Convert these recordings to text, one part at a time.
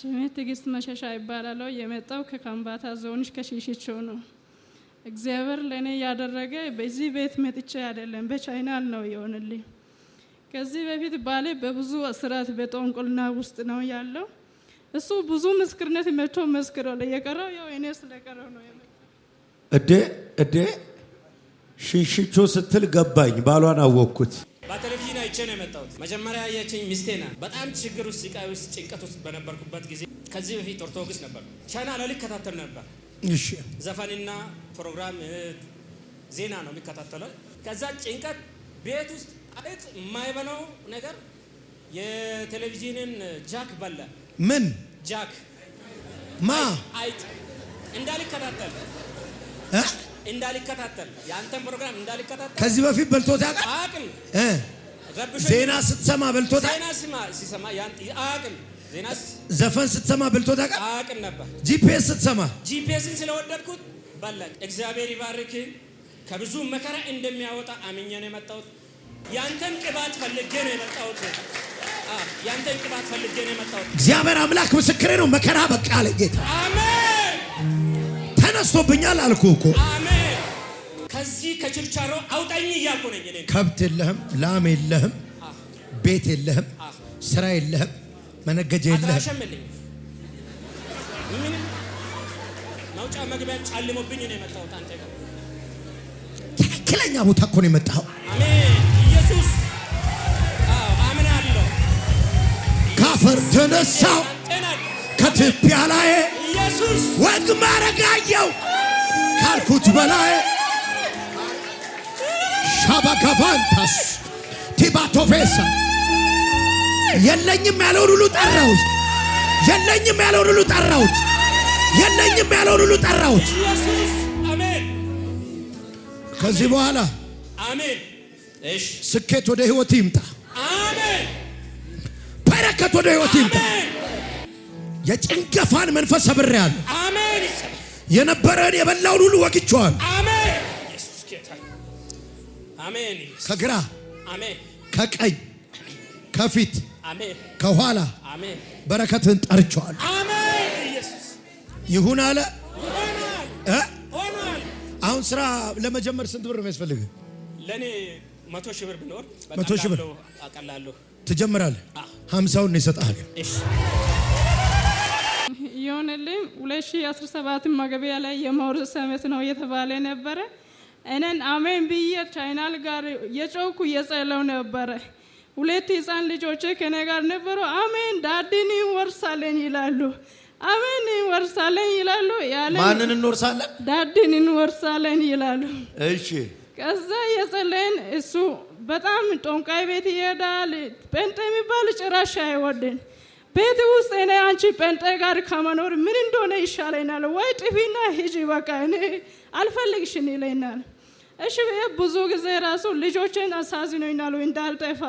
ስሜ ትግስት መሸሻ ይባላለው። የመጣው ከካምባታ ዞንሽ ከሽሽቾ ነው። እግዚአብሔር ለእኔ ያደረገ በዚህ ቤት መጥቼ አይደለም በቻይናል ነው የሆንልኝ። ከዚህ በፊት ባሌ በብዙ እስራት በጦንቁልና ውስጥ ነው ያለው። እሱ ብዙ ምስክርነት መቶ መስክሮ የቀረው ያው እኔ ስለቀረው ነው። እዴ እዴ ሽንሽቾ ስትል ገባኝ፣ ባሏን አወቅኩት። በቴሌቪዥን አይቼ ነው የመጣሁት። መጀመሪያ ያየችኝ ሚስቴ ናት። በጣም ችግር ውስጥ፣ ስቃይ ውስጥ፣ ጭንቀት ውስጥ በነበርኩበት ጊዜ ከዚህ በፊት ኦርቶዶክስ ነበር። ቻናል ልከታተል ነበር። እሺ፣ ዘፈንና ፕሮግራም ዜና ነው የሚከታተለው። ከዛ ጭንቀት ቤት ውስጥ አይጥ የማይበላው ነገር የቴሌቪዥንን ጃክ በለ ምን ጃክ ማ አይጥ እንዳልከታተል እንዳልከታተል የአንተን ፕሮግራም እንዳልከታተል ከዚህ በፊት በልቶታ አቅም ዜና ስትሰማ በልቶታ አቅም ዘፈን ስትሰማ በልቶታ አቅም ነበር። ጂፒኤስ ስትሰማ ጂፒኤስን ስለወደድኩት በላኝ። እግዚአብሔር ይባርክ። ከብዙ መከራ እንደሚያወጣ አምኜ ነው የመጣሁት። ያንተን ቅባት ፈልጌ ነው የመጣሁት። ያንተን ቅባት ፈልጌ ነው የመጣሁት። እግዚአብሔር አምላክ ምስክሬ ነው። መከራ በቃ አለ ጌታ። አሜን ተነስቶብኛል አልኩ እኮ ከዚህ ከችርቻሮ አውጣኝ እያልኩ ነኝ። ከብት የለህም፣ ላም የለህም፣ ቤት የለህም፣ ስራ የለህም፣ መነገጃ የለህም። መውጫ መግቢያ ጨልሞብኝ ነው የመጣሁት። አንተ ትክክለኛ ቦታ እኮ ነው የመጣኸው። አሜን ኢየሱስ አምናለሁ። ካፈር ተነሳው ከትቢያ ላይ ወግ ማረጋየው ካልኩት በላይ ሻባካቫንታስ ቲባቶፌሳ የለኝም ያለውን ሁሉ ጠራሁት። የለኝም ያለውን ሁሉ ጠራሁት። የለኝም ያለውን ሁሉ ጠራሁት። ከዚህ በኋላ ስኬት ወደ ህይወት ይምጣ። በረከት ወደ ህይወት ይምጣ። የጭንገፋን መንፈስ ሰብሬያለሁ። አሜን። የነበረን የበላውን ሁሉ ወግቼዋለሁ። አሜን። ኢየሱስ ጌታ አሜን። ከግራ አሜን፣ ከቀኝ ከፊት አሜን፣ ከኋላ አሜን። በረከትን ጠርቼዋለሁ። አሜን። ኢየሱስ ይሁን አለ እ አሁን ስራ ለመጀመር ስንት ብር ነው የሚያስፈልግህ? ለኔ መቶ ሺህ ብር ቢኖር መቶ ሺህ ብር አቀላለሁ። ትጀምራለህ። ሀምሳውን ነው ይሰጣል። እየሆነልኝ ሁለት ሺ አስራ ሰባትም መግቢያ ላይ የመውረስ ሰመት ነው እየተባለ ነበረ። እኔን አሜን ብዬ ቻይናል ጋር የጮኩ እየጸለው ነበረ። ሁለት ህፃን ልጆቼ ከኔ ጋር ነበሩ። አሜን ዳድን እንወርሳለን ይላሉ። አሜን እንወርሳለን ይላሉ። ያለ ማንን እንወርሳለን? ዳድን እንወርሳለን ይላሉ። እሺ ከዛ የጸለን እሱ በጣም ጦንቃይ ቤት ይሄዳል። ጴንጤ የሚባል ጭራሽ አይወድን ቤት ውስጥ እኔ አንቺ ጴንጤ ጋር ከመኖር ምን እንደሆነ ይሻለናል፣ ወይ ጥፊና ሂጂ በቃ እኔ አልፈልግሽን ይለናል። እሺ ብዬ ብዙ ጊዜ ራሱ ልጆችን አሳዝኖኛል እንዳልጠፋ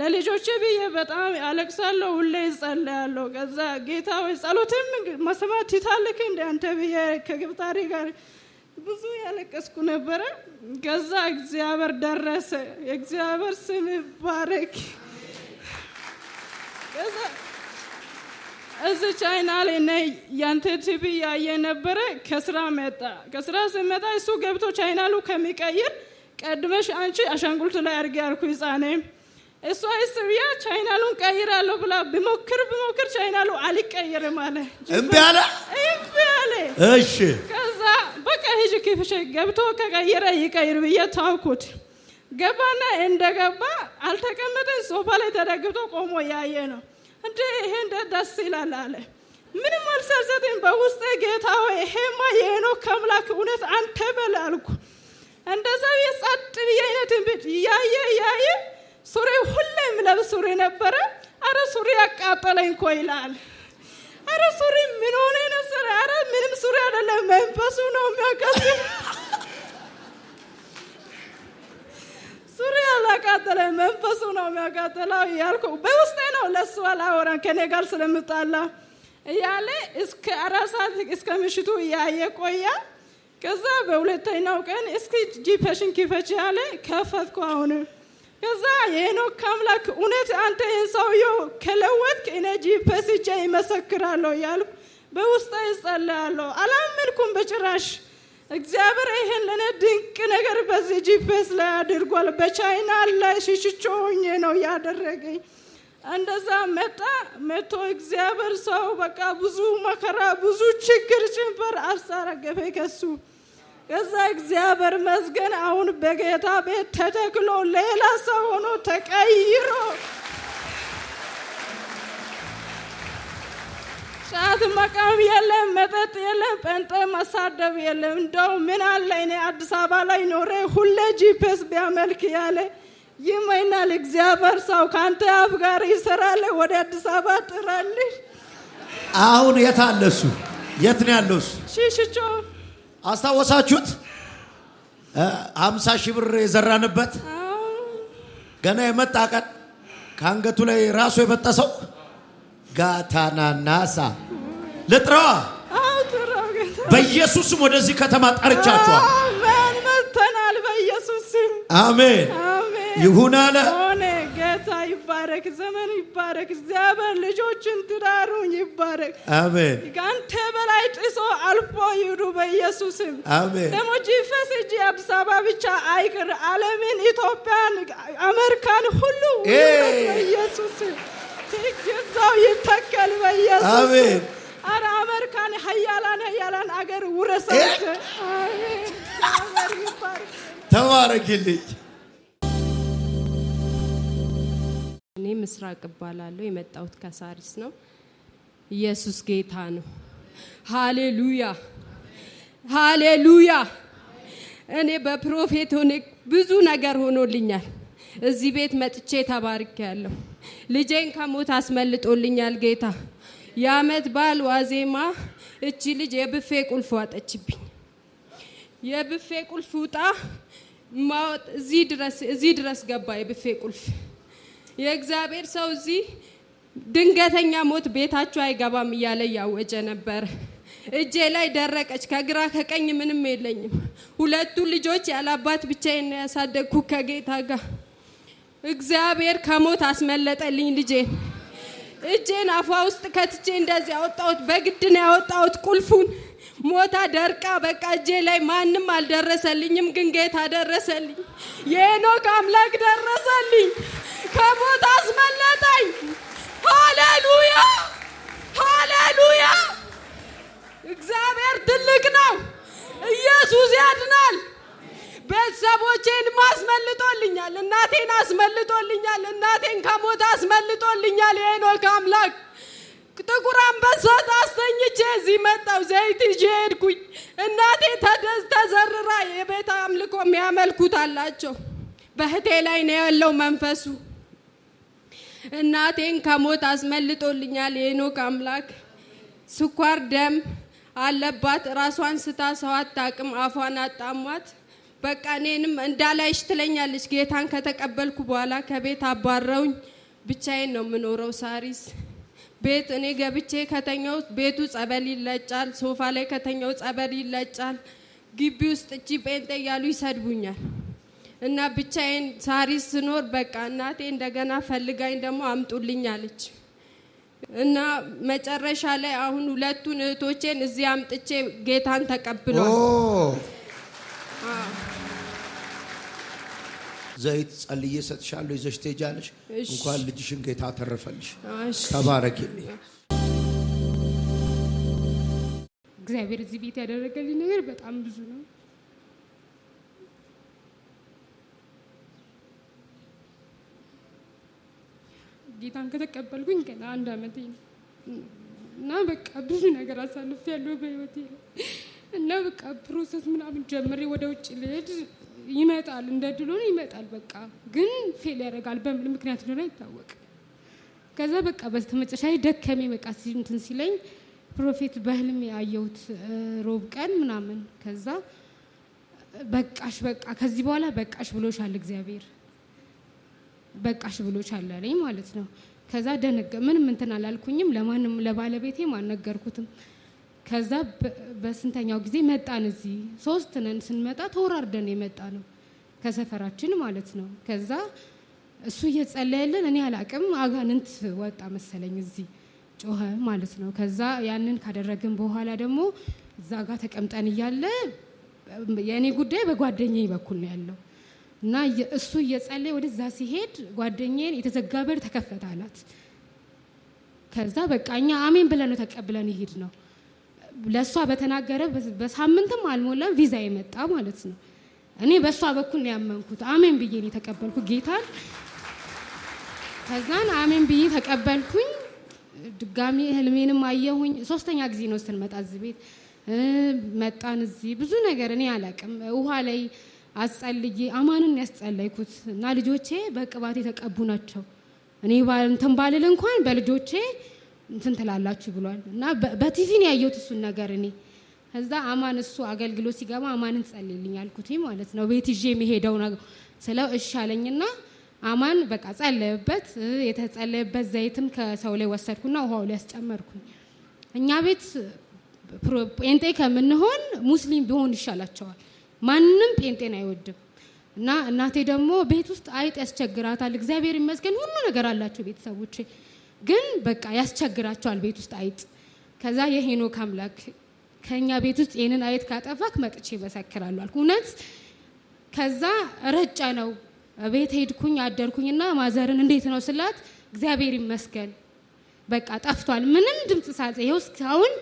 ለልጆች ብዬ በጣም አለቅሳለሁ፣ ሁሌ ይጸለያለሁ። ከዛ ጌታ ወይ ጸሎትም መስማት ትታልክ እንደ አንተ ብዬ ከግብጣሪ ጋር ብዙ ያለቀስኩ ነበረ። ከዛ እግዚአብሔር ደረሰ። የእግዚአብሔር ስም ይባረክ። እዚህ ቻይና ላይ ነይ ያንተ ቲቪ ያየ ነበረ። ከስራ መጣ። ከስራ ስመጣ እሱ ገብቶ ቻይና ሉ ከሚቀይር ቀድመሽ አንቺ አሻንጉልቱ ላይ አድርጌ ያልኩ ህፃኔ አይስብያ ቻይና ሉን ቀይራለሁ ብላ ብሞክር ብሞክር ቻይናሉ አልቀይርም አለ። እምቢ አለ እምቢ አለ። እሺ ከዛ በቃ ሂጂ ክፍሽ ገብቶ ከቀይረ ይቀይር ብዬ ታውኩት። ገባና እንደገባ አልተቀመጠ ሶፋ ላይ ተደግብቶ ቆሞ ያየ ነው እንደ ይሄ እንደ ደስ ይላል አለ። ምንም አልሰዘተኝ በውስጤ ጌታ ሆይ ይሄማ የሄኖክ አምላክ እውነት አንተ በል አልኩ። እንደዛ የጸጥ ብዬ አይነት እንብድ እያየ እያየ ሱሪ ሁሌ የምለብስ ሱሪ ነበረ። አረ ሱሪ ያቃጠለኝ እኮ ይላል። አረ ሱሪ ምን ሆነ ነበር? አረ ምንም ሱሪ አይደለም መንፈሱ ነው የሚያቀስ ሱሪ ያላቃጠለ መንፈሱ ነው የሚያቃጠለው እያልኩ በውስጤ ነው ለሱ አላወራም ከኔ ጋር ስለምጣላ እያለ እስከ አራት ሰዓት እስከ ምሽቱ እያየ ቆያ። ከዛ በሁለተኛው ቀን እስኪ ጂፐሽን ኪፈች ያለ ከፈትኩ። አሁን ከዛ የኖ አምላክ እውነት አንተ ይህን ሰውዬው ከለወጥክ እኔ ጂፐስ ይቼ ይመሰክራለሁ እያልኩ በውስጤ ይጸለያለሁ። አላመንኩም በጭራሽ እግዚአብሔር ይሄን ለእኔ ድንቅ ነገር በዚህ ጂፒኤስ ላይ አድርጓል። በቻይና ላይ ሽሽቾ ሆኜ ነው ያደረገኝ። እንደዛ መጣ መቶ እግዚአብሔር ሰው በቃ ብዙ መከራ፣ ብዙ ችግር ጭንፈር አሳረገፈ ከሱ ከዛ እግዚአብሔር መስገን አሁን በጌታ ቤት ተተክሎ ሌላ ሰው ሆኖ ተቀይሮ ጫት መቃም የለም፣ መጠጥ የለም፣ ጴንጤ መሳደብ የለም። እንደው ምን አለ እኔ አዲስ አበባ ላይ ኖሬ ሁሌ ጂፒኤስ ቢያመልክ ያለ ይመኛል። እግዚአብሔር ሰው ከአንተ አብ ጋር ይሰራል። ወደ አዲስ አበባ ጥራልሽ። አሁን የት አለ እሱ? የት ነው ያለው እሱ? ሽሽቾ አስታወሳችሁት? አምሳ ሺህ ብር የዘራንበት ገና የመጣ ቀን ከአንገቱ ላይ ራሱ የበጠሰው ጋታናናሳ ልጥራዋ ስም ወደዚህ ከተማ ጠርቻችኋል። መተናል። ስም አሜን። ይሁን አለ። ጌታ ይባረክ፣ ዘመን ይባረክ፣ እግዚአብሔር ልጆችን ትዳሩን ይባረክ። አሜን። ከአንተ በላይ ጥሶ አልፎ ይሂዱ በኢየሱስም አሜን። ደግሞ ጂፈስ እጅ አዲስ አበባ ብቻ አይቅር፣ ዓለምን፣ ኢትዮጵያን፣ አሜሪካን ሁሉ በኢየሱስም ጌታው ይተከል በኢየሱስ አሜን። አረ አሜሪካን ሀያላን ሀያላን አገር ተባረክልኝ። እኔ ምስራቅ እባላለሁ። የመጣሁት ከሳሪስ ነው። ኢየሱስ ጌታ ነው። ሃሌሉያ ሃሌሉያ። እኔ በፕሮፌት ሆኔ ብዙ ነገር ሆኖልኛል። እዚህ ቤት መጥቼ ተባርኬ ያለሁ ልጄን ከሞት አስመልጦልኛል ጌታ። የአመት በዓል ዋዜማ እቺ ልጅ የብፌ ቁልፍ ዋጠችብኝ። የብፌ ቁልፍ ውጣ ማወጥ እዚህ ድረስ ገባ የብፌ ቁልፍ። የእግዚአብሔር ሰው እዚህ ድንገተኛ ሞት ቤታችሁ አይገባም እያለ እያወጀ ነበረ። እጄ ላይ ደረቀች። ከግራ ከቀኝ ምንም የለኝም። ሁለቱ ልጆች ያለ አባት ብቻዬን ያሳደግኩ ከጌታ ጋር እግዚአብሔር ከሞት አስመለጠልኝ ልጄን። እጄን አፏ ውስጥ ከትቼ እንደዚህ ያወጣሁት በግድ ነው ያወጣሁት። ቁልፉን ሞታ ደርቃ በቃ እጄ ላይ ማንም አልደረሰልኝም፣ ግን ጌታ ደረሰልኝ። አምላክ ደረሰልኝ፣ ከሞት አስመለጠኝ። ሃሌሉያ ሃሌሉያ! እግዚአብሔር ትልቅ ነው። ኢየሱስ ያድናል። ቤተሰቦቼን ማስመልጦልኛል። እናቴን አስመልጦልኛል። እናቴን ከሞት አስመልጦልኛል። የሄኖክ አምላክ ጥቁር አንበሳ አስተኝቼ እዚህ መጣሁ። ዘይት ይዤ ሄድኩኝ። እናቴ ተዘርራ የቤት አምልኮ የሚያመልኩት አላቸው። በህቴ ላይ ነው ያለው መንፈሱ። እናቴን ከሞት አስመልጦልኛል የሄኖክ አምላክ። ስኳር ደም አለባት። ራሷን ስታ ሰው አታውቅም። አፏን አጣሟት። በቃ እኔንም እንዳላይሽ ትለኛለች። ጌታን ከተቀበልኩ በኋላ ከቤት አባረውኝ ብቻዬን ነው የምኖረው። ሳሪስ ቤት እኔ ገብቼ ከተኛው ቤቱ ጸበል ይለጫል። ሶፋ ላይ ከተኛው ጸበል ይለጫል። ግቢ ውስጥ እቺ ጴንጤ እያሉ ይሰድቡኛል። እና ብቻዬን ሳሪስ ስኖር በቃ እናቴ እንደገና ፈልጋኝ ደግሞ አምጡልኝ አለች። እና መጨረሻ ላይ አሁን ሁለቱን እህቶቼን እዚህ አምጥቼ ጌታን ተቀብሏል። ዘይት ጸልዬ ሰጥሻለሁ፣ ይዘሽ ትሄጃለሽ። እንኳን ልጅሽን ጌታ አተረፈልሽ። ተባረኪልኝ። እግዚአብሔር እዚህ ቤት ያደረገልኝ ነገር በጣም ብዙ ነው። ጌታን ከተቀበልኩኝ ገና አንድ ዓመቴ ነው እና በቃ ብዙ ነገር አሳልፍ ያለው በህይወቴ እና በቃ ፕሮሰስ ምናምን ጀምሬ ወደ ውጭ ልሄድ ይመጣል፣ እንደ ድሎ ይመጣል። በቃ ግን ፌል ያደርጋል። በምን ምክንያት እንደሆነ አይታወቅም። ከዛ በቃ በስተመጨረሻ ደከሜ በቃ እንትን ሲለኝ ፕሮፌት በህልም ያየሁት ሮብ ቀን ምናምን ከዛ በቃሽ በቃ ከዚህ በኋላ በቃሽ ብሎሻል እግዚአብሔር በቃሽ ብሎሻል አለኝ ማለት ነው። ከዛ ደነገ ምንም እንትን አላልኩኝም። ለማንም ለባለቤቴም አልነገርኩትም። ከዛ በስንተኛው ጊዜ መጣን። እዚህ ሶስት ነን። ስንመጣ ተወራርደን የመጣ ነው ከሰፈራችን ማለት ነው። ከዛ እሱ እየጸለየልን እኔ አላቅም አጋንንት ወጣ መሰለኝ እዚህ ጮኸ ማለት ነው። ከዛ ያንን ካደረግን በኋላ ደግሞ እዛ ጋር ተቀምጠን እያለ የእኔ ጉዳይ በጓደኛዬ በኩል ነው ያለው እና እሱ እየጸለየ ወደዛ ሲሄድ ጓደኛዬን የተዘጋ በር ተከፈተ አላት። ከዛ በቃ እኛ አሜን ብለን ነው ተቀብለን ይሄድ ነው ለእሷ በተናገረ በሳምንትም አልሞላ ቪዛ የመጣ ማለት ነው። እኔ በእሷ በኩል ያመንኩት። አሜን ብዬ ነው የተቀበልኩት ጌታን። ከዛን አሜን ብዬ ተቀበልኩኝ። ድጋሚ ህልሜንም አየሁኝ። ሶስተኛ ጊዜ ነው ስንመጣ እዚህ ቤት መጣን። እዚህ ብዙ ነገር እኔ አላቅም። ውሃ ላይ አስጸልዬ አማንን ያስጸለይኩት እና ልጆቼ በቅባት የተቀቡ ናቸው። እኔ እንትን ባልል እንኳን በልጆቼ እንትን ትላላችሁ ብሏል እና በቲቪ ነው ያየሁት እሱን ነገር እኔ ከዛ አማን እሱ አገልግሎት ሲገባ አማንን ጸልልኝ አልኩት ማለት ነው። ቤት ይዤ የሚሄደው ነገር ስለው እሺ አለኝና አማን በቃ ጸለየበት። የተጸለየበት ዘይትም ከሰው ላይ ወሰድኩና ውሃው ላይ ያስጨመርኩኝ። እኛ ቤት ጴንጤ ከምንሆን ሙስሊም ቢሆን ይሻላቸዋል። ማንም ጴንጤን አይወድም። እና እናቴ ደግሞ ቤት ውስጥ አይጥ ያስቸግራታል። እግዚአብሔር ይመስገን ሁሉ ነገር አላቸው ቤተሰቦቼ ግን በቃ ያስቸግራቸዋል ቤት ውስጥ አይጥ። ከዛ የሄኖክ አምላክ ከእኛ ቤት ውስጥ ይህንን አይጥ ካጠፋክ መጥቼ ይመሰክራሉ አልኩ። እውነት ከዛ ረጨ ነው ቤት ሄድኩኝ አደርኩኝና ማዘርን እንዴት ነው ስላት እግዚአብሔር ይመስገን በቃ ጠፍቷል። ምንም ድምፅ ሳጽ ይኸው እስካሁን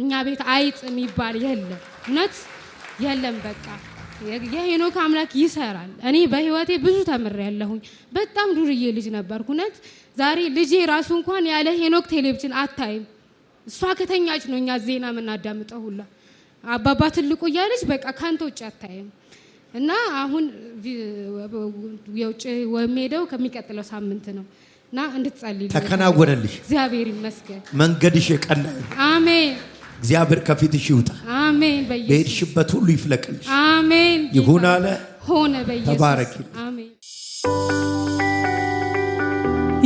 እኛ ቤት አይጥ የሚባል የለም፣ እውነት የለም በቃ የሄኖክ አምላክ ይሰራል። እኔ በህይወቴ ብዙ ተምሬያለሁኝ። በጣም ዱርዬ ልጅ ነበርኩ። እውነት ዛሬ ልጄ ራሱ እንኳን ያለ ሄኖክ ቴሌቪዥን አታይም። እሷ ከተኛች ነው እኛ ዜና የምናዳምጠው ሁላ አባባ ትልቁ እያለች በቃ ከአንተ ውጭ አታይም። እና አሁን የውጭ ሄደው ከሚቀጥለው ሳምንት ነው እና እንድትጸልይ ተከናወነልሽ። እግዚአብሔር ይመስገን መንገድሽ የቀና አሜን። እግዚአብሔር ከፊትሽ ይውጣ። አሜን። በሄድሽበት ሁሉ ይፍለቅልሽ። አሜን። ይሁን አለ ሆነ። በኢየሱስ ተባረክ። አሜን።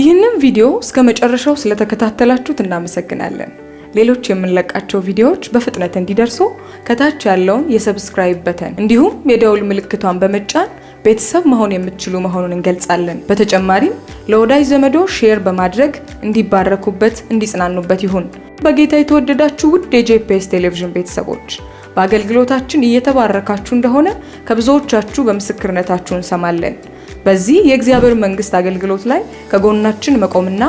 ይህንን ቪዲዮ እስከ መጨረሻው ስለተከታተላችሁት እናመሰግናለን። ሌሎች የምንለቃቸው ቪዲዮዎች በፍጥነት እንዲደርሱ ከታች ያለውን የሰብስክራይብ በተን እንዲሁም የደውል ምልክቷን በመጫን ቤተሰብ መሆን የምትችሉ መሆኑን እንገልጻለን። በተጨማሪም ለወዳጅ ዘመዶ ሼር በማድረግ እንዲባረኩበት፣ እንዲጽናኑበት ይሁን። በጌታ የተወደዳችሁ ውድ የጄፒኤስ ቴሌቪዥን ቤተሰቦች በአገልግሎታችን እየተባረካችሁ እንደሆነ ከብዙዎቻችሁ በምስክርነታችሁ እንሰማለን። በዚህ የእግዚአብሔር መንግስት አገልግሎት ላይ ከጎናችን መቆምና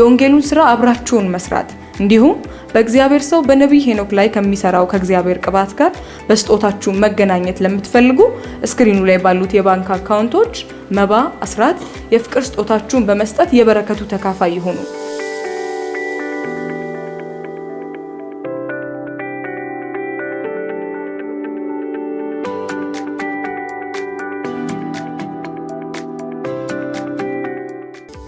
የወንጌሉን ስራ አብራችሁን መስራት እንዲሁም በእግዚአብሔር ሰው በነቢይ ሄኖክ ላይ ከሚሰራው ከእግዚአብሔር ቅባት ጋር በስጦታችሁ መገናኘት ለምትፈልጉ እስክሪኑ ላይ ባሉት የባንክ አካውንቶች መባ፣ አስራት፣ የፍቅር ስጦታችሁን በመስጠት የበረከቱ ተካፋይ ይሆኑ።